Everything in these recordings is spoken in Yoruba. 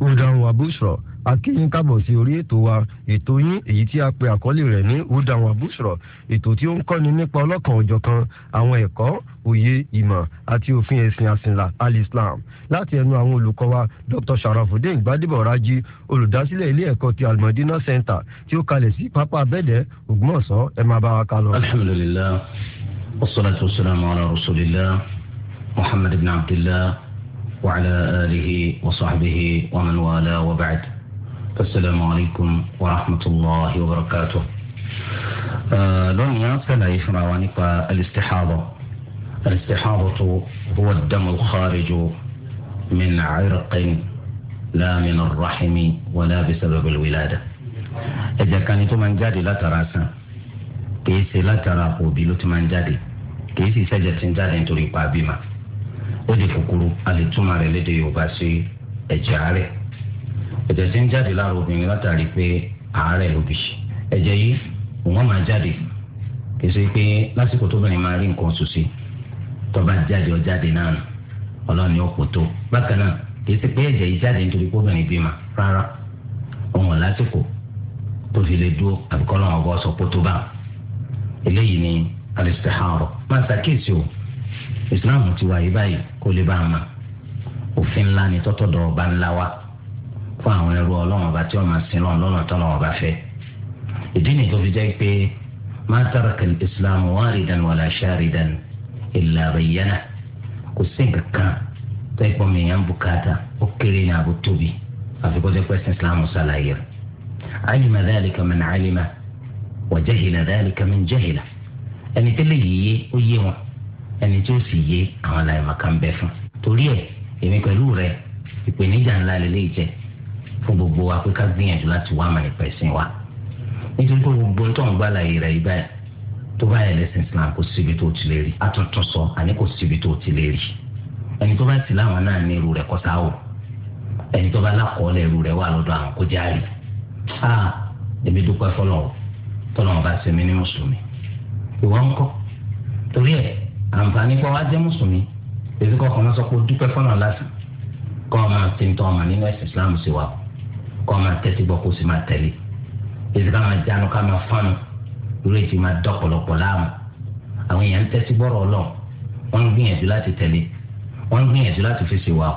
udan wa bushra akínyìn kábọ̀ sí orí ètò wa ètò yín èyí tí a pe àkọlé rẹ̀ ní udan wa bushra ètò tí ó ń kọ́ni nípa ọlọ́kan òjọ̀kan àwọn ẹ̀kọ́ òye ìmọ̀ àti òfin ẹ̀sìn àsìnlá alislam láti ẹnu àwọn olùkọ́ wa dr sharafudin gbadebo raji olùdásílẹ̀ ilé ẹ̀kọ́ ti almadina center tí ó kalẹ̀ sí pápá abẹ́dẹ̀ ògbómọ̀ṣọ́ ẹ máa bá wa kálọ. alhamdulilayi wasalaatu wasalaamu ala rasulillah muhammad ibn abdillah. وعلى آله وصحبه ومن والاه وبعد السلام عليكم ورحمة الله وبركاته آه، لوني أسأل إفرا ونقى الاستحاضة الاستحاضة هو الدم الخارج من عرق لا من الرحم ولا بسبب الولادة إذا كان من tó لا تراسا كيسي لا sàn بلوت من látara òbí سجد سنجاد máa ń ó di kúkúrú a lè túmọ̀ rẹ̀ léde yorùbá sí ẹ̀jẹ̀ àárẹ̀ ẹ̀jẹ̀ tí ń jáde lára obìnrin látàrí pé àárẹ̀ ló bì í ẹ̀jẹ̀ yìí òun máa jáde kì í ṣe pé lásìkò tó bẹ̀rẹ̀ máa rí nǹkan oṣù sí tó bá jáde ó jáde náà nù ọlọ́run ni ó kò tó bákan náà kì í ṣe pé ẹ̀jẹ̀ yìí jáde nítorí pé obìnrin bímọ rárá òun lásìkò tó fi lè dúró àbíkọ́ lọ́wọ́ sọ pé tó bá eléyìí ni alistihara islam ti wáyé báyìí kó lè bá a ma òfin ńlá ni tọ́tọ̀dọ̀ ọba ńlá wa fún àwọn ẹrú ọlọ́run ọba tí wọ́n máa sin lọ́n lọ́nà tọ́lọ́ ọba fẹ́ ìdí nìyí tó fi jẹ́ pé ma taraka islam waridan wala sharidan illa bayyana kò sí nǹkan kan tó ẹ̀ pọ́n mi yàn bùkátà ó kéré ní àbó tóbi àfi kó jẹ́ islam sàlàyé rẹ̀ alima dhalika man alima wa jahila dhalika man jahila ẹni tẹ́lẹ̀ yìí ó yé wọn ẹni tí ó sì yé àwọn aláìmọ̀ kan bẹ fún. torí ẹ èmi pẹ̀lú rẹ ìpèníjà ńlá lélẹ́yìí jẹ fún gbogbo wa pé ká gbìyànjú láti wá àmàlẹ́ pẹ̀sìn wa nítorí pé gbogbo tó ń gbà láàyè rẹ ibà tó bá yẹ lẹ́sìn Islam kò síbi tó ti lè rí atuntun sọ àní kò síbi tó ti lè rí ẹni tó bá sì láwọn náà ní irú rẹ kọsá o ẹni tó bá lákọọlẹ irú rẹ wà lọ́dọ̀ àwọn kó járe a èmi dúpẹ́ fọlọ tọlọmọ ṣe mí ní mùsùlùmí ìwọ ńkọ́ torí ẹ àǹfààní kọ́ wá jẹ́ mùsùlùmí èyí kọ́ kọ́ máa sọ pé dúpẹ́ fọ́nà lásán kọ́ ọ máa tẹ̀ntọ́ ọmọ nínú ẹ̀sìn Islam sí wa kọ́ ọ máa tẹ́tí gbọ́ kó sì máa tẹ̀lé èyí ká máa jánu ká máa fánu lórí èyí máa dọ́pọ̀lọpọ̀ láàmú àwọn èèyàn ń tẹ́tí gbọ́rọ̀ ọlọ́ wọ́n ń gbìyànjú láti tẹ̀lé wọ́n ń gbìyànjú láti fi ṣe wa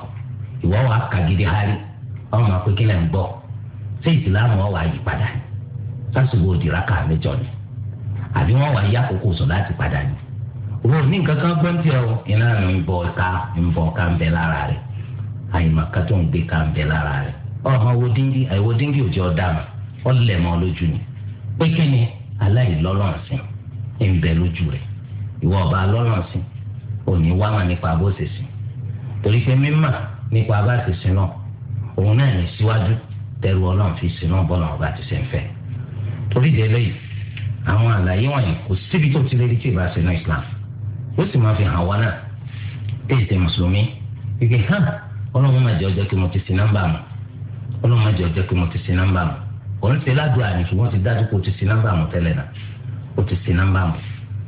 ìwọ́ wa kagidi hari wọ́n máa pé kí lẹ́ ń gbọ́ ṣé ìsìláàmù wọn wàá yí padà sásìkò òdìrákà mẹ́jọ ni àbí wọ́n wàá yí àkókò sọ láti padà ni òun ní nǹkan kan gbọ́n tiẹ̀ o iná rẹ̀ ń bọ̀ ká ń bọ̀ ká ń bẹ lára rẹ̀ àyìnbá ká tó ń gbé ká ń bẹ lára rẹ̀ ọ̀hún wo díngì àìwo díngì ò jẹ́ ọ̀dà mọ́ ọ lẹ̀ mọ́ lójú ni pé kí ni aláìlọ́lọ́run sí ń bẹ lójú rẹ̀ ìwọ ọba lọ́rùn sí òní wá mà nípa bó ṣe sìn torí pé mímà nípa bá ṣe sìn náà òun náà ní síwájú tẹ̀rù ọlọ́run fi sìn náà bọ́lá ọba ti ṣe fẹ́ torí délé àwọn àlàyé wọ̀nyí kò síbi tó ti lé ní tí ì bá ṣe náà Islam ó sì máa fi hàn wá náà èyí tẹ mùsùlùmí gbígbé hàn ọlọ́run máa jẹ́ ọjọ́ pé mo ti sin nọ́mbà mu ọlọ́run máa jẹ́ ọjọ́ pé mo ti sin nọ́mbà mu òun ti ládùúgbò àná ṣùgbọ́n ti dájú pé o ti sin nọ́mbà mu tẹ́lẹ̀ náà o ti sin nọ́mbà mu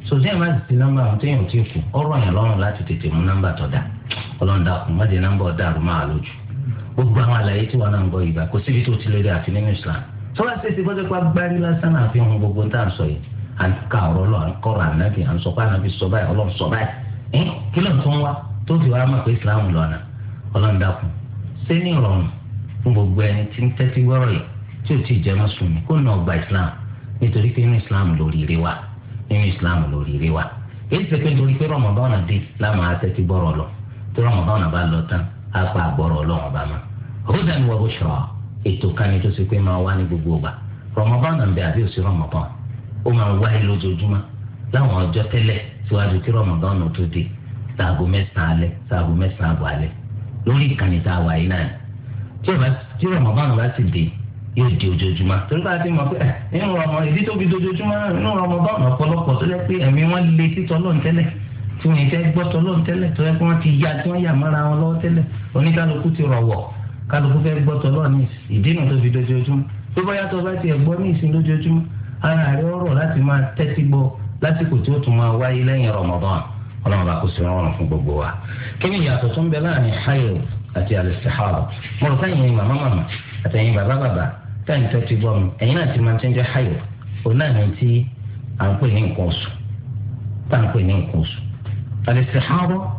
sòtí ti sin nọ́mbà mu téèyàn ti kù yẹn lọ́rùn láti tètè mú nọ́mbà dá ọlọ́run má nọ́mbà à ń ka ọ̀rọ̀ lọ à ń kọ̀rọ̀ ànábì à ń sọ pé ànábì sọ báyìí ọlọ́run sọ báyìí ẹ kí ló ń tún wá tó fi wá mọ̀ pé ìsìláàmù lọ́nà ọlọ́run dákun ṣé ní ìrọ̀rùn fún gbogbo ẹni tí ń tẹ́tí wọ́rọ̀ yìí tí ò tí ì jẹ́ mùsùlùmí kó nà ọgbà ìsìláàmù nítorí pé inú ìsìláàmù lóríire wà inú ìsìláàmù lóríire wà èyí ṣe pé nítorí pé rọmọbáwọn dé láàmú àtẹ́tí bọ́rọ̀ lọ tí rọmọbáwọn bá lọ tán á pa àgbọ̀rọ̀ ọlọ́run ọba mọ́ hudan wa bushra ètò kan ní tó ṣe pé máa wá ní gbogbo ọgbà rọmọbáwọn bẹ àbí òsì rọmọbáwọn ó máa wáyé lójoojúmọ́ láwọn ọjọ́ tẹ́lẹ̀ síwájú kí rọmọdán tó dé sáàgó mẹ́sàn-án alẹ́ sáàgó mẹ́sàn-án àbọ̀ alẹ́ lórí ìkànnì tá a wà yìí náà tí rọmọdán bá sì dé yóò di ojoojúmọ́ torí bá a ti mọ̀ pé nínú eh, ọmọ ìdí tó fi dojoojúmọ́ nínú rọmọdán ọ̀pọ̀lọpọ̀ tó jẹ́ pé ẹ̀mí wọn lé títọ́ lọ́ntẹ́lẹ̀ tí wọn fẹ́ gbọ́ tọ́lọ́ tẹ́lẹ̀ tó yẹ kí wọ́n ti ya tí wọ́n yà mọ́ra wọn lọ́wọ́ tẹ́lẹ̀ oníkálukú ti rọ̀wọ̀ kálukú fẹ́ gbọ́ tọ́lọ́ ní ìdínà tó fi dojoojúmọ́ tó bá yàtọ̀ bá tiẹ̀ gbọ́ ní ìsìn lójoojúmọ́ ara rẹ̀ ó rọ̀ láti máa tẹ́tí gbọ́ lásìkò tí ó tún máa wáyé lẹ́yìn Ramadan ọlọ́run bá kó sí ọrùn fún gbogbo wa. kí ni ìyàtọ̀ tó ń bẹ hayo àti alistihara mo rò sẹ́yìn màmá màmá àtẹ̀yìn bàbá bàbá táyìn tẹ́tí gbọ́ mi ẹ̀yin náà ti máa ti hayo òun náà ní ti à ń pè ní nǹkan oṣù tá à ń pè ní nǹkan oṣù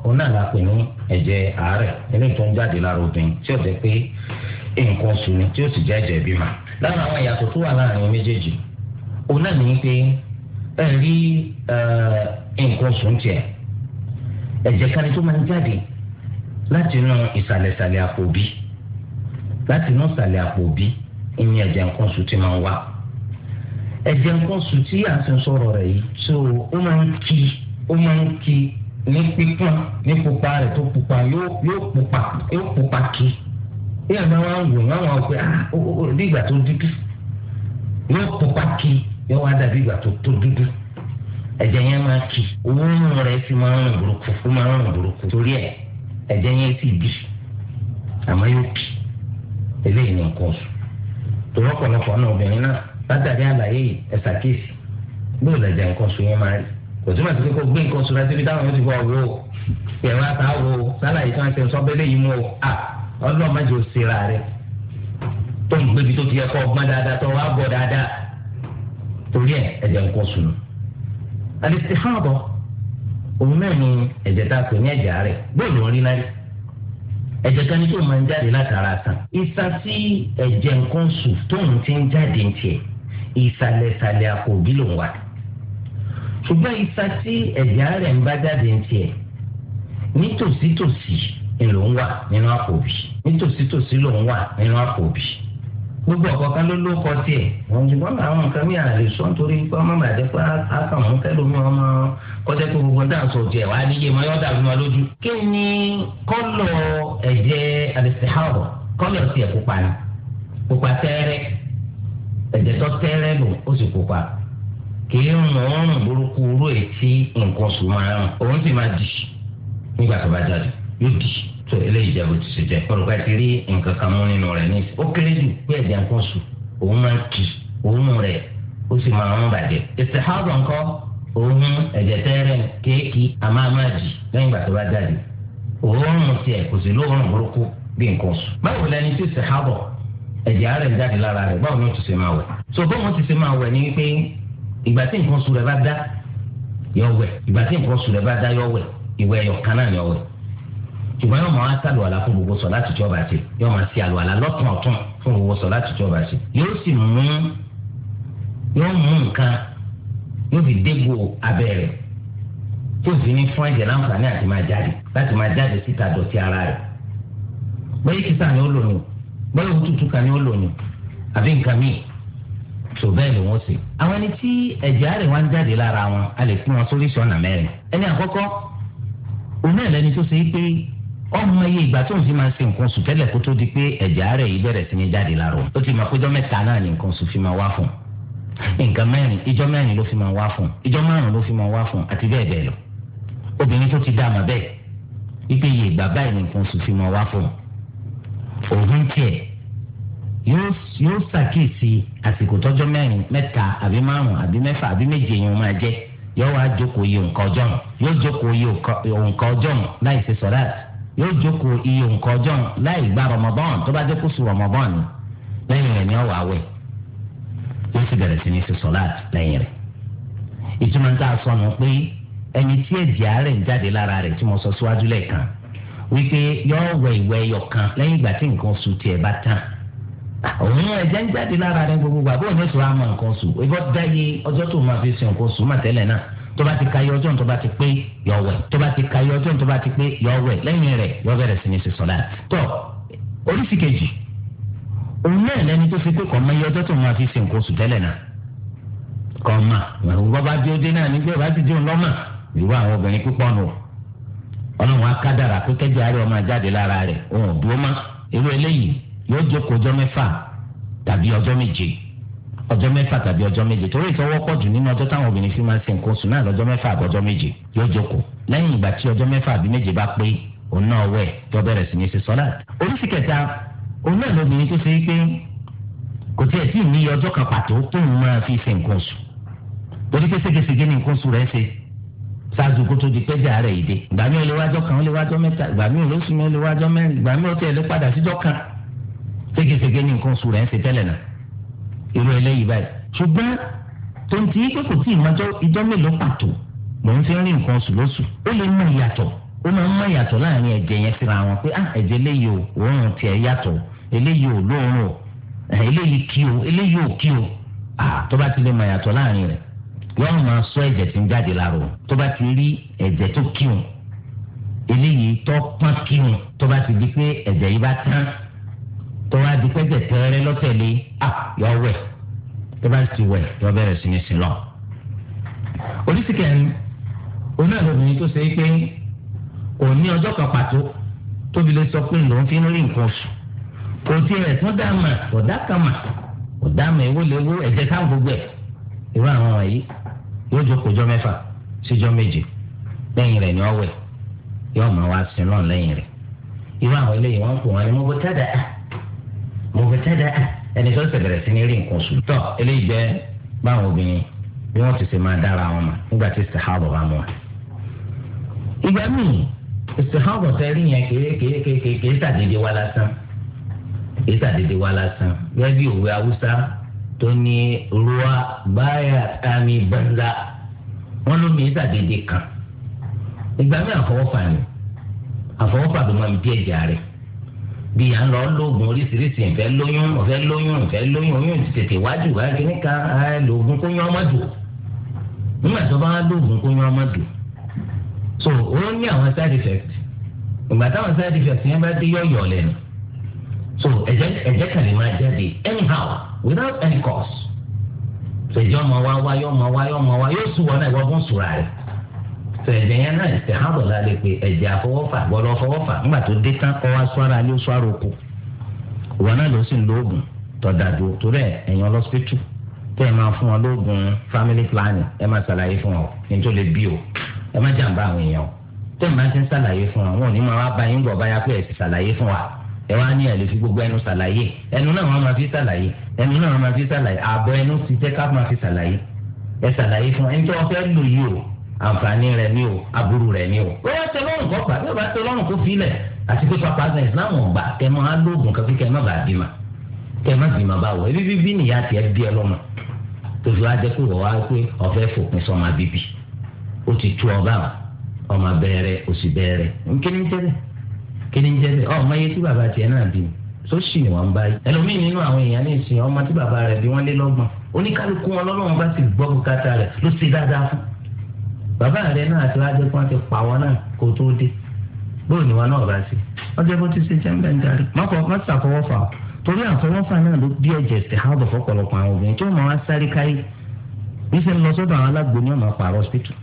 òun náà la pè ní ẹ̀jẹ̀ àárẹ̀ tó ń jáde lára obìnrin òun náà ní pé ẹ rí nǹkan sùn tiẹ̀ ẹ̀jẹ̀ kan tó máa ń jáde láti inú ìsàlẹ̀sàlẹ̀ àpò bí láti inú ìsàlẹ̀ àpò bí ìyẹn ẹ̀jẹ̀ nǹkan sùn ti máa ń wá ẹ̀jẹ̀ nǹkan sùn tí à ń sọ sọ̀rọ̀ rẹ̀ yìí so ó máa ń ki ó máa ń ki ní pípọ́n ní pupa rẹ̀ tó pupa yóò pupa yóò pupa ki bí àná wọn wò wọn wọn pé ah ó ó ó tó dúdú yóò pupa ki yóò wá dàbí ìgbà tó tó dúdú ẹ̀jẹ̀ yẹn máa kì òórùn rẹ̀ sì máa ń burúkú ó máa ń burúkú torí ẹ̀ ẹ̀jẹ̀ yẹn sì bì àmọ́ yóò kì eléyìí ní nǹkan oṣù torí ọ̀pọ̀lọpọ̀ náà obìnrin náà látàrí àlàyé ẹ̀sà kéèsì nǹkan yẹn máa rí kò kó gbé nǹkan táwọn yóò ti fọ sálàyé tí ti sọ mú o à ọlọ́mọdé ò sera rẹ tó ń gbébi tó torí ẹ̀ ẹ̀jẹ̀ ń kó sunu al-istihada òun náà ni ẹ̀jẹ̀ tá a pè ní ẹ̀jẹ̀ àárẹ̀ bóòlù wọn rí náà rí ẹ̀jẹ̀ kan ní tó máa ń jáde látara tán ìsà tí ẹ̀jẹ̀ nǹkan sùn tóun ti ń jáde ń tiẹ̀ ìsàlẹ̀sàlẹ̀ àkòbí ló ń wà ṣùgbọ́n ìsà tí ẹ̀jẹ̀ ń bá jáde ń tiẹ̀ nítòsítòsí ló ń wà nínú àkòbí nítòsítòsí ló ń wà nínú àkòbí gbogbo ọ̀kọ̀ọ̀kan ló ló kọ tiẹ̀ ṣùgbọ́n àwọn nǹkan mi àlè sọ nítorí pé ọmọ bàjẹ́ pé akàwọn kẹlòmí ọmọ kọjá tó gbogbo dáhùn sọ tiẹ̀ wá níyẹ mọ́ yọ́ dàbí wọn lójú. kí ni kọ́lọ̀ ẹ̀jẹ̀ alẹ́sìháwọ̀ kọ́lọ̀ tiẹ̀ pupa ni pupa tẹ́rẹ́ ẹ̀jẹ̀ tó tẹ́rẹ́ lò ó sì pupa kì í rùn ọrùn burúkú rú ètí nǹkan sùn máa rùn òun sì máa dì nígbà tó bá jáde yóò dì tó eléyìí jẹ́ bó ti ṣe jẹ́ olùkọ́ ti rí nǹkan kan mú nínú rẹ̀ ní ó kéré jù bí ẹ̀jẹ̀ nǹkan sùn òun máa ń kì òun rẹ̀ ó sì máa ń bàjẹ́ ìsèhábà ńkọ́ òun ẹ̀jẹ̀ tẹ́rẹ̀ kéèkì àmàmàjì lẹ́yìn ìgbà tó bá jáde òórùn tiẹ̀ kò sí lóòórùn burúkú bí nǹkan sùn báwo lẹni tí ìsèhábà ẹ̀jẹ̀ ara ń jáde lára rẹ̀ báwo ni ó ti ṣe máa wẹ̀ so bó wọn ti ṣe ni wípé ìgbà tí nǹkan sùn rẹ̀ bá dá yọ wẹ̀ ìgbà tí nǹkan sùn rẹ̀ bá ṣùgbọ́n yóò máa sálù àlá fún gbogbo sọ láti jọba ṣe yóò máa ṣe àlù àlá lọ́tún ọ̀tún fún gbogbo sọ láti jọba ṣe yóò sì mú yóò mú nǹkan yóò fi dégbò abẹ́rẹ́ tó fi ní fún ẹ̀jẹ̀ láǹfààní àti máa jáde láti máa jáde síta dọ̀tí ara rẹ̀ bẹ́ẹ̀ kíta ni ó lò ní bẹ́ẹ̀ òtútù kan ni ó lò ní àbí nǹkan míì tó bẹ́ẹ̀ ni wọ́n ṣe. àwọn ẹni tí ẹ̀jẹ̀ àárẹ̀ wá ń jáde lára wọn a lè fún wọn sórí ìṣọ̀nà mẹ́rin ẹni àkọ́kọ́ òun náà lẹni tó ṣe é pé ọmọ iye ìgbà tó ń fi máa ń ṣe nǹkan oṣù tẹ́lẹ̀ kó tó di pé ẹ̀jẹ̀ rẹ̀ yìí bẹ̀rẹ̀ sí ní jáde láàrọ̀ ó ti máa péjọ mẹ́ta náà ní nǹkan oṣù fi máa wá fún nǹkan mẹ́rin ìjọ mẹ́rin ló fi máa wá fún ìjọ márùn ló fi máa wá fún àti bẹ́ẹ̀ bẹ́ẹ̀ lọ obìnrin tó ti dá àmà bẹ́ẹ̀ wípé iye ìgbà báyìí ní nǹkan oṣù fi máa wá fún òun tiẹ̀ yóò ṣàkíyèsí àsìkò tọ́jọ́ mẹ́rin mẹ́ta àbí márùn àbí mẹ́fà àbí méje yẹn máa jẹ́ yóò wá jókòó iye nǹkan ọjọ́ yóò jókòó iye nǹkan ọjọ́ láì ṣe sọ́láàtì yóò jókòó iye nǹkan ọjọ́ láì gba rọmọbọ́n tó bá dé kó sùn rọmọbọ́n ni lẹ́yìn rẹ̀ ni ọ̀wà wẹ̀ yóò sì bẹ̀rẹ̀ sí ní sísọ láti lẹ́yìn rẹ̀ ìtumọ̀ ń tà sọnù pé ẹni tí ẹ̀jẹ̀ àárẹ̀ ń jáde lára rẹ̀ tí mo sọ síwájú lẹ́ẹ̀kan wípé yóò wẹ̀ ìwẹ̀ ẹyọkan lẹ́yìn ìgbà tí nǹkan oṣù tiẹ̀ bá tán òun ẹ̀jẹ̀ ń jáde lára rẹ̀ gbogbo àbúrò ní ìṣòro àmọ́ nǹkan oṣù ìbọn dáyé ọjọ́ tó máa fi sin nǹkan tó bá ti ka yọ ọjọ́ tó bá ti pé yọ wẹ̀ tó bá ti ka yọ ọjọ́ tó bá ti pé yọ wẹ̀ lẹ́yìn rẹ̀ yọ bẹ̀rẹ̀ sí ní ṣe sọ̀lá tó oríṣi kejì òun náà lẹni tó fi pé kọ́ mọ iye ọjọ́ tó máa fi ṣe nǹkan oṣù tẹ́lẹ̀ náà kọ́ mà wọ́n bá dé ọdẹ náà nígbà bá ti dé òun lọ́mà ìwọ àwọn obìnrin púpọ̀ nù ọlọ́run akádàrà pé kẹ́jẹ́ àárẹ̀ ọmọ jáde lára rẹ̀ òun ò dúró mọ́ irú eléyìí yóò jókòó ọjọ́ mẹ́fà tàbí ọjọ́ méje ọjọ́ mẹ́fà tàbí ọjọ́ méje torí ìtọ́wọ́ pọ̀ jù nínú ọjọ́ táwọn obìnrin fi máa ń ṣe nǹkan oṣù náà lọ́jọ́ mẹ́fà àbọ̀jọ́ méje yóò jókòó lẹ́yìn ìgbà tí ọjọ́ mẹ́fà àbí méje bá pé òun náà wẹ̀ tó bẹ̀rẹ̀ sí ní ṣe sọ́lá. oríṣi kẹta òun náà lóbìnrin tó ṣe é pé kò tiẹ̀ tí ì ní ọjọ́ kan pàtó tóun máa fi ṣe nǹkan oṣù torí pé ségesège ni nǹkan oṣù rẹ̀ ṣe ṣáàzù kó tó di pé jà rẹ̀ ìdè ìgbà mi ò lè wájọ́ kan ó lè wájọ́ mẹ́ta ìgbà mi ò lóṣù mi ó lè wájọ́ mẹ́rin ìgbà mi ò irú eléyìí báyìí ṣùgbọ́n tó ń ti yí pé kò tí ì mọjọ́ ìjọ́ mélòó pàtó mò ń fi rí nǹkan oṣù lóṣù ó lè mọ ìyàtọ̀ ó máa ń mọ ìyàtọ̀ láàrin ẹ̀jẹ̀ yẹn síra wọn pé ah ẹ̀jẹ̀ eléyìí ò òórùn tiẹ̀ yàtọ̀ eléyìí ò lóòórùn ò eh, eléyìí kí o eléyìí ò kí o ah tó bá ti lè mọ ìyàtọ̀ láàrin rẹ̀ yọ́n máa sọ ẹ̀jẹ̀ tí ń jáde lára o tó bá ti rí ẹ̀jẹ̀ tó kí o eléyìí tó pọ́n kí o tó bá ti di pé ẹ̀jẹ̀ yìí bá tán á di pẹ́jẹ tẹ́rẹ́ lọ́tẹ̀lé à ah, yọ wẹ̀ tó bá ti wẹ̀ yọ bẹ̀rẹ̀ sí ní sílọ̀. oríṣi kẹrin oní ẹ̀rọ̀bìnrin tó ṣe é pé kò ní ọjọ́ kan pàtó tóbi lè sọ pé lòun fi ń rí nǹkan oṣù kò tiẹ̀ tún dá mà kò dá kan mà kò dá mà èwo lè wo ẹ̀jẹ̀ káwọn gbogbo ẹ̀ irú àwọn wọ̀nyí yóò jókòó jọ mẹ́fà síjọ́ méje lẹ́yìn rẹ̀ ni ọ wẹ̀ yóò máa wá sí lọ́n lẹ́yìn rẹ̀ irú àwọn eléyìí wọ́n kò wọ́n ní mọ́bótádà mọ̀gbẹ́tẹ́dẹ́ ẹni tó ṣe bẹ̀rẹ̀ sí ní rí nǹkan oṣù tọ́ eléyìí jẹ́ báwọn obìnrin bí wọ́n ti ṣe máa dára wọn mà nígbà tí istihaba bá mú wa. ìgbà míì istihaba tẹ́ rí yẹn kéékèèké sàdédé wá lásán kéé sàdédé wá lásán gẹ́gẹ́ bí òwe haúsá tó ní ruwa báyà àmì banza wọ́n ló mi sàdédé kan ìgbà míì àfọwọ́fà ni àfọwọ́fà ló máa ń bí ẹ̀jẹ̀ rẹ̀ bí à ń lọ lóògùn oríṣiríṣi ìfẹ́ lóyún ìfẹ́ lóyún ìfẹ́ lóyún oyún ti tètè wájú wá kíní ká lóògùn kó yán ọmọdù nígbà tó bá lóògùn kó yán ọmọdù so ó ní àwọn side effect ìgbà táwọn side effect yẹn bá dé yọ̀yọ̀ lẹ́nu so ẹ̀jẹ̀ ẹ̀jẹ̀ kan lè máa jáde anyhow without any cause so ọmọ wa wá ọmọ wa ọmọ wa yóò sùn wọn náà ìwọ bó sùn rà sọ ẹ̀jẹ̀ yẹn náà ẹ̀sẹ̀ hàn bọ̀ lálẹ́ pe ẹ̀jẹ̀ àfọwọ́fà gbọ́dọ̀ fọwọ́fà nígbà tó dé tán ọwọ́ aṣọ́ra ilé oṣooṣù kù wọn náà ló sì ń lo oògùn tọ̀dàdù torí ẹ̀ ẹ̀yàn tẹ́ máa fún wọn lóògùn family planning ẹ máa ṣàlàyé fún wọn ní tó lè bí o ẹ má jàǹbá àwọn èèyàn tẹ́ ẹ máa ti ń ṣàlàyé fún wọn wọn ò ní máa wá bá yín gbọ̀ báyà pé gbogbo ẹnu ṣàlàyé ẹnu náà wọn máa fi ṣàlàyé àǹfààní rẹ ní o aburú rẹ ní o. wọ́n tẹ lọ́rùn kọ́ gbà yóò bá tẹ lọ́rùn kó filẹ̀ àti papa ní islam ọ̀gbà kẹ máa lóògùn kan wọ ebi bíbí tiẹ̀ bí ẹ lọ́mọ tòṣù wá pé ọ̀fẹ́ fòpin bíbí ti tú ọba ọmọ bẹ́ẹ̀rẹ̀ òsì bẹ́ẹ̀rẹ̀ kíni ọ iye tí tiẹ̀ náà bí bàbá rẹ náà ti wájú pé wọn ti pa wọn náà kó tó dé bóyá ni wọn náà bá sí ọjọ́ bó ti ṣe jẹ́ ń bẹ̀ ń darí mọ́kọ́ má ṣàfọwọ́ fà ó torí àfọwọ́fà náà ló bí ẹ̀jẹ̀ ṣe hàn bọ̀ fọ́pọ̀lọpọ̀ àwọn obìnrin tí ó máa wá sáré káyé níṣẹ́ ń lọ sọ́dọ̀ àwọn alágbo ní ọ̀nà pààrọ̀ hospital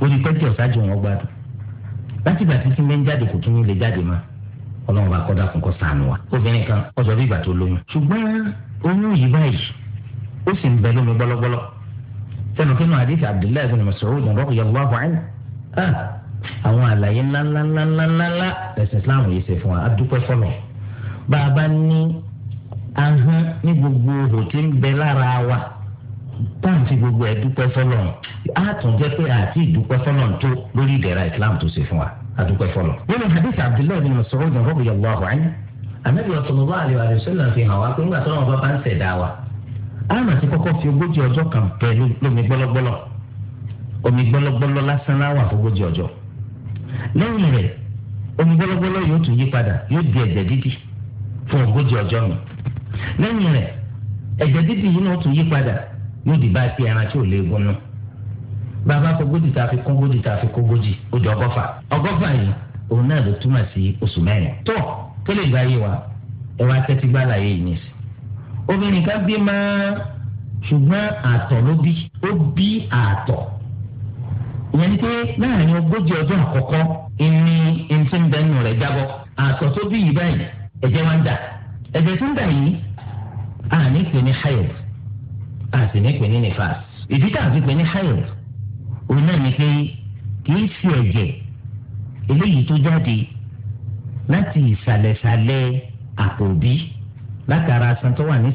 orí pẹ́jì ọ̀sájú wọn gbádùn láti ìgbà títí mi ń jáde kò tún ní lè jáde mọ́ ọlọ́run bá kọ́dà fún kọ́ sànù wa obìnrin kan ọ̀sọ̀ bí ìgbà tó lóyún ṣùgbọ́n oyún yìí báyìí ó sì ń bẹ lómi gbọ́lọ́gbọ́lọ́ sẹ́nu kí nù àdìsí Abdullahi bin Mas'ud radiyallahu anhu ah, àwọn àlàyé ńláńláńláńláńlá ẹ̀sìn Islam yìí ṣe fún wa adúpẹ́ fọlọ́ bá a bá ní ahọ́n ní gbogbo òhò tí ń bẹ lára wa táǹtì gbogbo ẹ̀ dúpẹ́ fọlọ́ á pé àti ìdúpẹ́ fọlọ́ tó lórí ìdẹ̀ra Islam tó ṣe fún wa adúpẹ́ fọlọ́. nínú hadith Abdullahi bin Mas'ud radiyallahu anhu Ànábì sallallahu alaihi àrùn t'i kọ́kọ́ fi ogójì ọjọ kan pẹ̀ omi gbọ́lọ́gbọ́lọ́ la ogójì ọjọ́ lẹ́yìn rẹ̀ omi gbọ́lọ́gbọ́lọ́ yóò tún yí padà yóò di ẹ̀jẹ̀ didi fún ogójì ọjọ́ mi didi yìí náà tún yí padà yóò di báyìí pé ẹran tí ò léegun nù bàbá a fi kógójì tá ta fi kógójì ó di ọgọ́fà ọgọ́fà yìí òun náà ló túmọ̀ sí oṣù mẹ́rin tó kélé ìgbà wa ẹ wá tẹ́tí obìnrin kan bí máa ṣùgbọ́n àtọ̀ ló bí ó bí àtọ̀ ìyẹn ni pé láàrin ogójì ọjọ́ àkọ́kọ́ ìní ẹnití ń bẹ nù rẹ̀ jábọ́ àtọ̀ tó bí yìí báyìí ẹ̀jẹ̀ wá ń dà ẹ̀jẹ̀ tó ń dà yìí à ní pè ní hayed à sì ní pè ní nifas ìdí tá a fi pè ní hayed òun náà ni pé kì í fi ẹ̀jẹ̀ eléyìí tó jáde láti ìsàlẹ̀sàlẹ̀ àpò bíi látara aṣọ tó wà ní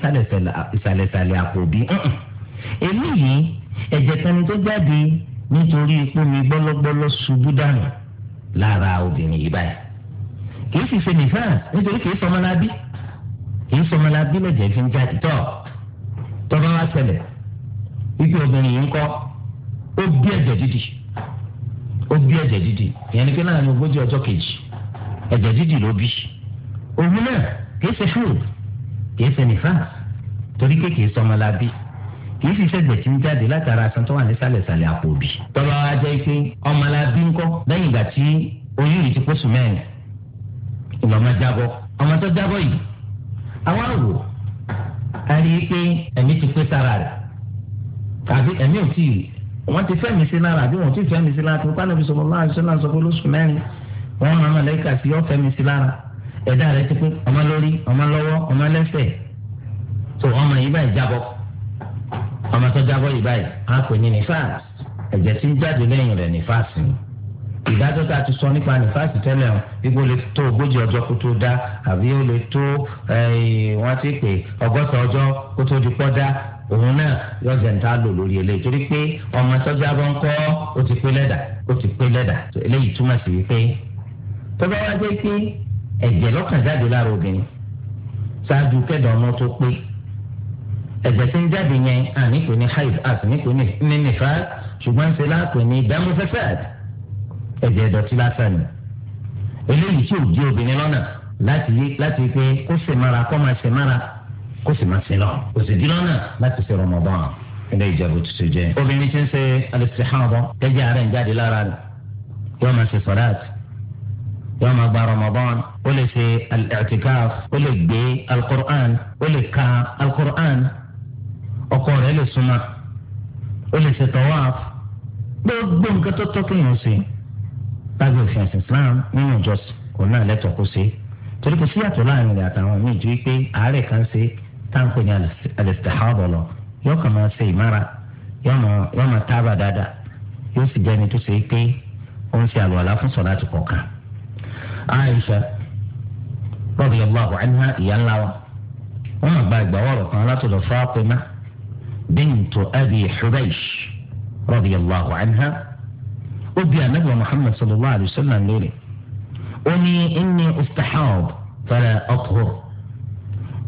ìsàlẹ̀sàlẹ̀ àpòbí eléyìí ẹ̀jẹ̀ tani tó jáde nítorí ikú mi gbọ́lọ́gbọ́lọ́ ṣubú dànù lára obìnrin yìí báyìí kìí sì ṣe nìfẹ́ nítorí kìí sọmọlábí kìí sọmọlábí lẹ̀jẹ̀ fi ń jáde tọ́ tọ́ba wá ṣẹlẹ̀ wípé obìnrin yìí ń kọ́ ó bí ẹ̀jẹ̀ dídì ó bí ẹ̀jẹ̀ dídì ìyẹn ni pé láàrin ogójì ọjọ́ kejì ẹ̀jẹ̀ dídì ló bí òun náà kìí ṣe fúlù kì í ṣe nífà torí pé kì í sọmọ la bí kì í sì ṣẹ̀jẹ̀ tí ń jáde látara aṣọ tó wà ní sàlẹ̀sàlẹ̀ àpò òbí. tọ́lọ́ wa jẹ́ pé ọmọ la bí ńkọ́ lẹ́yìn ìgbà tí oyún yìí ti kóṣù mẹ́rin ìgbà ọmọ jábọ́ ọmọ tó jábọ́ yìí àwa wò a rí i pé ẹ̀mí ti pé sára rẹ̀ tàbí ẹ̀mí ò tí ì wọ́n ti fẹ́mi sí lára àbí wọ́n ti fẹ́mi sí lára tó kánà bí sọ̀rọ̀ láàrin sọ́nà sọ́kọ́ lóṣù mẹ́rin wọ́n rán mọ̀lẹ́kà sí ọ́ fẹ́mi sí lára ẹ̀dá rẹ ti pé ọmọ lórí ọmọ lọ́wọ́ ọmọ lẹ́sẹ̀ tó ọmọ yìí báyìí jábọ́ ọmọ tó jábọ́ yìí báyìí á pè ní nífàsì ẹ̀jẹ̀ tí ń jáde lẹ́yìn rẹ̀ nífàsì ni ìdájọ́ tá a ti sọ nípa nífàsì tẹ́lẹ̀ o igbó lè tó ogójì ọjọ́ kó tó dá àbí ó lè tó eh, wọ́n ti pè ọgọ́ta ọjọ́ kó tó di pọ́ dá òun náà yọ zẹ̀ǹtà lò lórí eléyìí torí pé ọmọ sọ́jà bọ́ ń kọ́ ó ti pé lẹ́dà ó ti pé lẹ́dà eléyìí túmọ̀ sí wípé tó bá wá dé pé ẹ̀jẹ̀ lọ́kàn jáde lára obìnrin ṣáájú kẹ́dọ̀ ọmọ tó pé ẹ̀jẹ̀ tí ń jáde yẹn à nípe ní haid àti nípe ní nìfà ṣùgbọ́n ń ṣe láàpè ní dámúfẹ́fẹ́ ẹ̀jẹ̀ ìdọ̀tí lásán ni eléyìí tí ò di obìnrin lọ́nà láti yí láti pé kó ṣe mára kó máa ṣe mára kó sì máa ṣe lọ kò sì di lọ́nà láti ṣe Ramadan ilé ìjẹ́bù tó ṣe jẹ́ obìnrin tí ń ṣe alẹ́ ṣe hàn bọ́ tẹ́jà rẹ̀ ń jáde lára rẹ̀ yọ́ọ́ máa ṣe sọ̀rọ̀ àti yóò máa gba Ramadan ó lè ṣe al-i'tikaf ó lè gbé al-Qur'an ó lè ka al-Qur'an ọkọ rẹ̀ lè súnmọ́ ó lè ṣe tawaf gbogbo nǹkan tó tọ́ kéèyàn ṣe lábẹ́ òfin ẹ̀sìn Islam nínú ìjọsìn kò náà lẹ́tọ̀ọ́ kó ṣe torí kò síyàtọ̀ láàrin rẹ̀ àtàwọn míì ju pé àárẹ̀ kan ṣe táǹkò ní al lọ yóò kàn máa ṣe ìmára yóò máa tábà dáadáa yóò sì jẹ́ ẹni tó ṣe pé ó ń ṣe àlùwàlá fún sọ̀láàtì kọ̀ọ̀kan. عائشة رضي الله عنها يلا وما بعد دوار ورقانة فاطمة بنت أبي حبيش رضي الله عنها وبيا نبي محمد صلى الله عليه وسلم ليلي أني إني استحاض فلا أطهر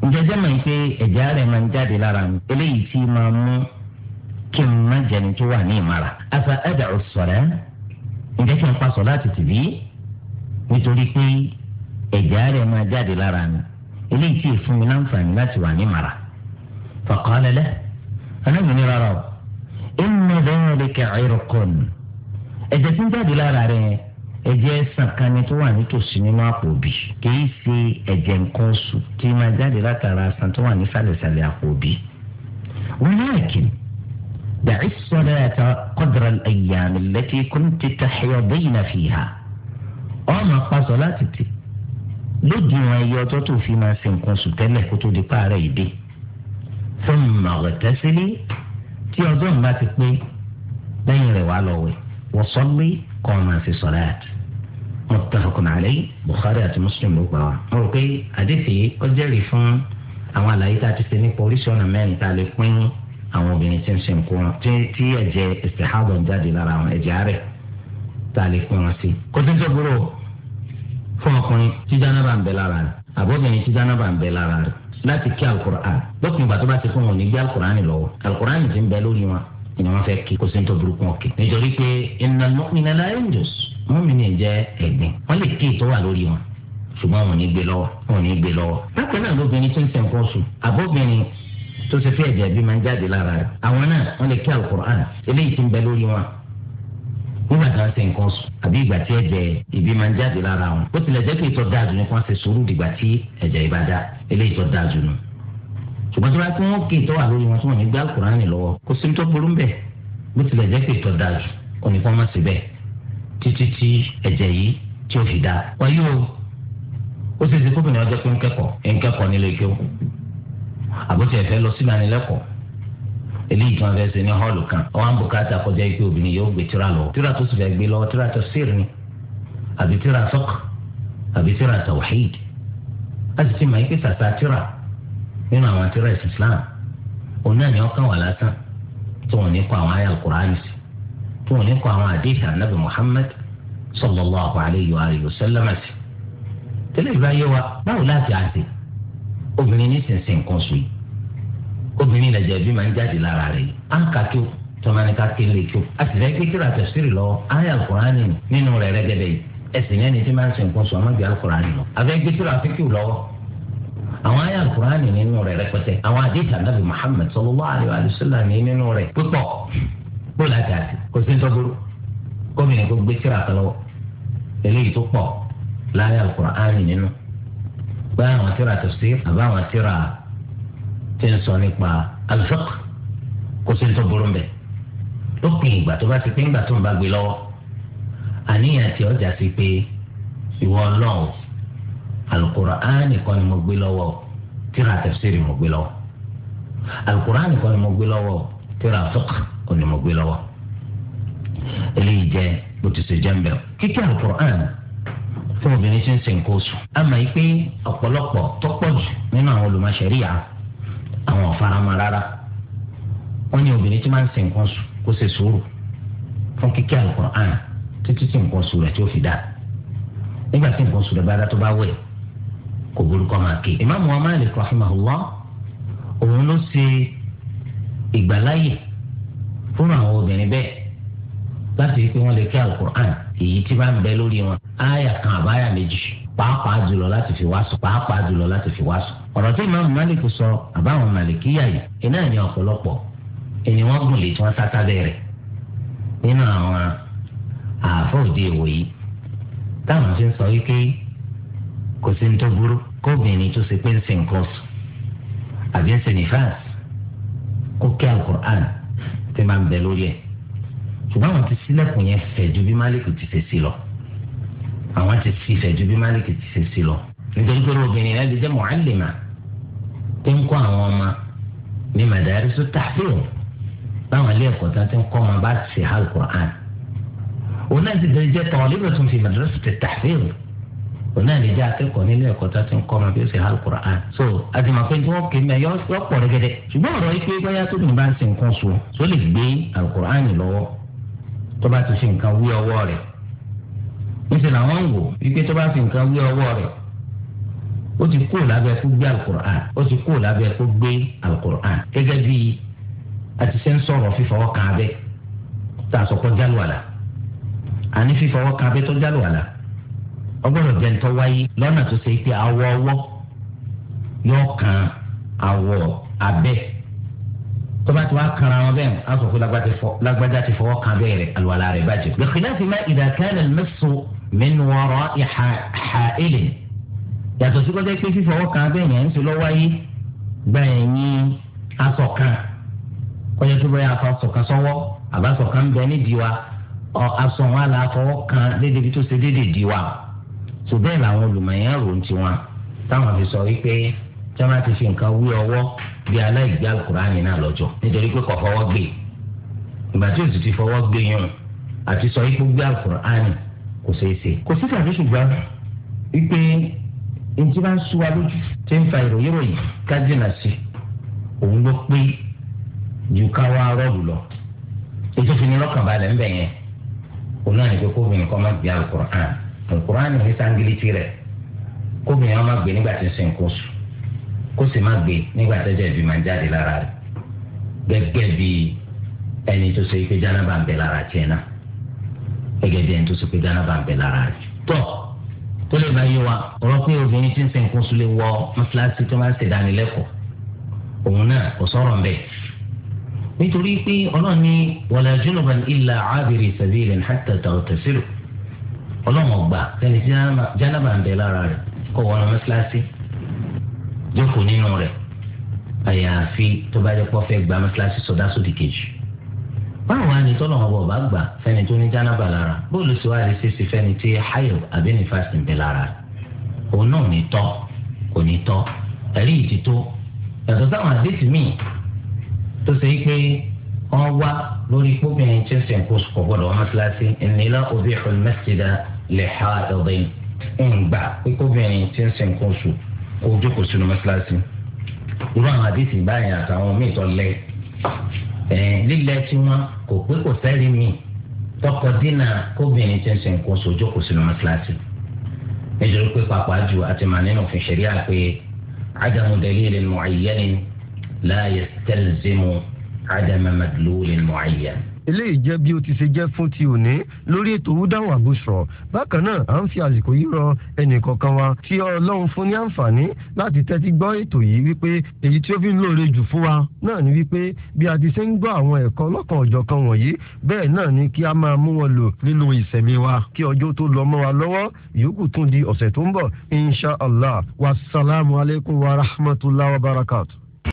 جزم في إجارة من جاد لرم إلي في مامو كم من جنت وهني أفأدعو أفأدع الصلاة إذا كان صلاة تبيه nítorí pé ẹ̀jẹ̀ rẹ̀ máa jáde lára mi eléyìí tí fún mi láǹfààní láti wà ní màrà faqala la anábì ní rárá o inna dhalika irqun ẹ̀jẹ̀ tí ń jáde lára rẹ̀ ẹ̀jẹ̀ sàkánni tó wà nítòsí nínú àpò òbí kìí ṣe ẹ̀jẹ̀ nǹkan oṣù tí máa jáde látara asan tó wà ní sàlẹ̀sàlẹ̀ àpò òbí walakin da'i as-salata qadra al-ayyam allati kunti tahya bayna fiha ọ máa pa sọ láti tì lóde ìwọn ẹyẹ ọjọ́ tó fi máa ṣe nǹkan sùn tẹ́lẹ̀ kó tó di páàrẹ ìdè fún màwẹtẹsílẹ tí ọjọ́ ń bá ti pé lẹ́yìn rẹ̀ wá lọ wẹ̀ wọ́n sọ pé kọ́ máa fi sọ láti muttafaqun alayhi Bukhari àti Muslim ló gbà wá. mo rò pé àdéhìí ó jẹ́rìí fún àwọn àlàyé tá a ti ṣe nípa oríṣi ọ̀nà mẹ́rin tá a lè pín àwọn obìnrin tí ń ṣe nǹkan tí ẹ̀jẹ̀ ìṣèhábọ̀ jáde lára àwọn ẹ̀jẹ̀ rẹ̀ tá a lè pín wọn sí. kò tí ń sọ́kúrò fún ọkùnrin tí jánábà ń bẹ lára rẹ̀ àbọ̀bìnrin tí jánábà ń bẹ lára rẹ̀ láti kí alukur'an lópin ìgbà bá ti fún wọn ní gbé alukur'an lọ́wọ́ alukur'an ti ń bẹ lórí wọn ni wọ́n fẹ́ kí kò sí ń tó burúkú ọ̀kẹ́. nítorí pé innal mu'mina la yanjus mu'mini jẹ́ ẹ̀gbìn wọ́n lè kí ìtọ́wà lórí wọn ṣùgbọ́n wọn ò ní gbé lọ́wọ́ wọn ò ní gbé lọ́wọ́. bákan náà lóbìnrin tó ń sẹ̀ ń pọ̀ sùn àbọ̀bìnrin tó ṣe fẹ́ ẹ̀jẹ̀ bí máa ń jáde lára rẹ̀ àwọn náà wọ́n lè kí alukur'an eléyìí ti ń bẹ lórí wọn nígbà tí wọ́n ṣe nǹkan sùn àbí ìgbà tí ẹ̀jẹ̀ ìbí máa ń jáde lára wọn bó tilẹ̀ jẹ́ pé ìtọ́ dáa jù ní kí wọ́n ṣe sùúrù dìgbà tí ẹ̀jẹ̀ ìbá dá eléyìí tọ́ dáa jù nù. ṣùgbọ́n tí wọ́n ti wọ́n kí ìtọ́ wà lórí wọn tí wọ́n ní gbé alukurani lọ́wọ́ kò sí tó burú bẹ́ẹ̀ bó tilẹ̀ jẹ́ pé ìtọ́ dáa jù òní kọ́ má sí bẹ́ẹ̀ títí tí ẹ̀jẹ̀ yìí tí ó fi dá. wáyé o ó ṣe é ṣe kóbìnrin eléyìí tí wọ́n fẹ́ ṣe ní hall kan wọ́n á ń bùkátà kọjá ikú obìnrin yóò gbé tíra lọ tíra tó sì fẹ́ gbé lọ tíra tó sèr ni àbí tíra sọ́k àbí tíra tawhid a sì ti mọ̀ ike sàtà tíra nínú àwọn tíra ẹ̀sìn Islam òun náà ni wọ́n kàn wà lásán tí wọ́n ní kọ àwọn ayé alukur'an sí tí wọ́n ní kọ àwọn àdéhà nabi Muhammad sallallahu alayhi wa sallam sí tẹ́lẹ̀ wa báwo láti àṣe obìnrin ní sìnsìn kan sùn yìí obìnrin ìlẹ̀jẹ̀ bí máa ń jáde lára rẹ̀ à ń kàkí o tọ́mọ́nìkà kéle kí o a sì fẹ́ gbé kíra tẹ̀sírì lọ́wọ́ ayé alukurani nínú rẹ̀ rẹ́gẹ́dẹ́ yìí ẹ̀sìn ẹni tí máa ń sìn kún sọ ọmọ ìgbà alukurani lọ a fẹ́ gbé kíra fíkìw lọ́wọ́ àwọn ayé alukurani nínú rẹ̀ rẹpẹtẹ àwọn àdéhùn anábì Muhammad sallallahu alayhi wa nínú rẹ̀ púpọ̀ kó láti àti kò sí ntọ́gbóró gómìnà kó gbé kíra kan eléyìí tó pọ̀ láyé alukurani nínú báyà àwọn kíra tẹ̀sírì tí ń sọ nípa alifak kò sí ní tó burú mbẹ lópin ìgbà tó bá ti pé ńgbà tó ń bá gbé lọ́wọ́ àníyàn tí ọjà sí pé ìwọ Ọlọ́run Al-Qur'ani kọ́ ni mo gbé lọ́wọ́ tíra tafsiri mo gbé lọ́wọ́ Al-Qur'ani kọ́ ni mo gbé lọ́wọ́ tíra fiqh kọ́ ni mo gbé lọ́wọ́ eléyìí jẹ́ bó ti ṣe jẹ́ ń bẹ̀ kíkẹ́ Al-Qur'ani fún obìnrin tí ń sìn kó sùn. a yìí pé ọ̀pọ̀lọpọ̀ tó jù nínú àwọn olùmọ̀ṣẹ́ríyà àwọn ọ̀farama rárá wọ́n ní obìnrin tí máa ń sin nǹkan sùn kó ṣe sùúrù fún kíkẹ́ alukur'an títí tí nǹkan sùn rẹ̀ tí ó fi dá nígbà tí nǹkan sùn rẹ̀ bá dá tó bá wẹ̀ kò burúkọ máa ké. ìmáàmù wa Malik rahimahullah òun ló ṣe ìgbàláyè fún àwọn obìnrin bẹ́ẹ̀ láti rí i pé wọ́n lè kí alukur'an èyí tí bá ń bẹ lórí wọn áyà kan àbáyà méjì pàápàá jùlọ láti fi wá sùn pàápàá jùlọ láti fi wá sùn. ọ̀rọ̀ tí ìmáàmù malik sọ àbáwọn malikiya yìí iná ní ọ̀pọ̀lọpọ̀ èyí wọ́n gùn lè tí wọ́n sáta bẹ̀rẹ̀ nínú àwọn ààfọ̀ òde èwò yìí táwọn ti ń sọ wípé kò sí ní tó burú kóbìnrin tó ṣe pé ń sin nǹkan sùn àbí ń sin nìfàs kó kí alukur'an ti máa ń bẹ lórí ẹ̀ ṣùgbọ́n àwọn ti sílẹ̀kùn yẹn fẹ̀ ju bí malik ti àwọn ti fi ìfẹ̀jú bí malik ti ṣe sí lọ nítorí pé obìnrin náà ti jẹ́ mọ̀álìmà tó ń kọ́ àwọn ọmọ ní madarisu tahfidh báwọn ilé ẹ̀kọ́ tán ti ń kọ́ ọmọ bá ti ha alukur'an òun náà ti dẹ̀ jẹ́ talibatun fi madrasa tahfidh òun náà lè jẹ́ akẹ́kọ̀ọ́ nílé ẹ̀kọ́ tó ti ń kọ́ ọmọ bí ó ṣe hàl so àtìmọ̀ pé tí wọ́n kéde yọ pọ̀ rẹ́gẹ́dẹ́ ṣùgbọ́n ọ̀rọ̀ yìí pé bóyá tó tún bá ń ṣe nǹkan so tó níṣẹ́ làwọn ń wò wípé tó bá fi nǹkan wé ọwọ́ rẹ̀ ó ti kúrò lábẹ́ kó gbé alukur'an ó ti kúrò lábẹ́ kó gbé alukur'an gẹ́gẹ́ bí àti ṣe ń sọ̀rọ̀ fífọwọ́ kan abẹ́ tá a sọ pé jálù àlà àní fífọwọ́ kan abẹ́ tó jálù àlà ọgbọ́dọ̀ jẹ́ ń tọ́ wáyé lọ́nà tó ṣe pé awọ ọwọ́ yóò kan abẹ́ tọ́ba tí wàá kàrà wọn bẹ́ẹ̀ á sọ fún lágbájá ti fọwọ́ kan bẹ́ẹ̀ rẹ̀ àlùwàlá rẹ̀ bàjẹ́. bi khilafi ma idha kana al-massu min wara'i ha'ilin yàtọ̀ sí kọjá pé fífọwọ́ kan bẹ́ẹ̀ yẹn ń sọ lọ́wọ́ ayé gbà ẹ̀yìn aṣọ kan kọjá tó bẹ́ẹ̀ aṣọ aṣọ sọ́wọ́ àbáṣọ bẹ́ẹ̀ nídìí wa aṣọ wọn tí wọ́n bá ti fi nǹkan wí ọwọ́ bí aláìgbé alukurani náà lọ́jọ́ nítorí pé kò fọwọ́ gbé ìgbà tí òsì ti fọwọ́ gbé yẹn àti sọ ikú gbé alukurani kò ṣeé ṣe. kò sí tàbí ṣùgbọ́n wípé ntí bá ń sú wa lójú tí ń fa ìròyìn ròyìn kájínà sí òun ló pé ju káwá rọ́ọ̀lù lọ ètò ìfini lọ́kànbalẹ̀ ń bẹ̀ yẹn òun náà ní pé kóbìnrin kan máa gbé alukurani alukurani ní sangiliti rẹ̀ kóbìnrin kó sì má gbé nígbà tẹ́jọ́ ìbí máa ń jáde lára rẹ̀ gẹ́gẹ́ bí ẹni tó ṣe pé jánábà ń bẹ lára tiẹ̀ náà gẹ́gẹ́ bí ẹni tó ṣe pé jánábà ń bẹ lára rẹ̀ tọ́ tó lè bá yé wa ọ̀rọ̀ obìnrin tí ń sìn kó sùn wọ mọ́ṣáláṣí tó máa ń ṣèdánilẹ́kọ̀ọ́ òun náà kò sọ̀rọ̀ mbẹ́ nítorí pé ọlọ́run ní wala junuban illa abiri sabilin hatta taghtasilu ọlọ́run ọgbà ẹni jánábà ń bẹ lára rẹ̀ kó wọnú mọ́ṣáláṣí jókòó nínú rẹ̀ àyàfi tó bá jẹ́ pọ́ fẹ́ gba mọ́sálásí sọdá sódì kejì báwo wá ní tọ́lọ̀ ọba ọba gbà fẹ́ni tó ní jánábà lára bóòlù sì wá lè ṣe sí fẹ́ni tí hayo àbí nífàsì ń bẹ lára òun náà ní tọ́ kò ní tọ́ ẹ̀rí ìtì tó yàtọ̀ sáwọn àdéhùn míì tó ṣe é pé wọ́n wá lórí pópinrin tí ń sìn kó sùkọ̀ gbọ́dọ̀ wọn mọ́sálásí ìnílá òbí ìfọ̀lùmẹ́sìdá lè ha ẹ̀dọ̀dẹ́ ń gbà pé pópinrin tí ń kó o jókòó sínú mọ́ṣáláṣí irú àwọn àdìsí báyìí àtàwọn míì tó lẹ lílẹ tí wọn kò pé kò sẹ́rí mi tọkọ dínà kóbìnrin tí ń sìn kó so jókòó sínú mọ́ṣáláṣí nítorí pé pàápàá jù àti màá nínú òfin ṣẹ̀ríà pé ádámù dalilin mu'ayyanin la yastalzimu ádámù madlulin mu'ayyan eléyìí jẹ́ bí ó ti ṣe jẹ́ fún ti òní lórí ètò wúdáhùn àbúṣọ bákan náà à ń fi àsìkò yìí rọ ẹnìkọ̀ọ̀kan wa tí ọlọ́run fún ní àǹfààní láti tẹ́tí gbọ́ ètò yìí wípé èyí tí ó fi ń lóore jù fún wa náà ni wípé bí a ti ṣe ń gbọ́ àwọn ẹ̀kọ́ lọ́kan ọ̀jọ̀kan wọ̀nyí bẹ́ẹ̀ náà ni kí a máa mú wọn lò nínú ìṣẹ̀mí wa kí ọjọ́ tó lọ mọ́ wa lọ́wọ́ ìyókù tún di ọ̀sẹ̀ tó ń bọ̀ insha allah wa rahmatulah wa barakatu.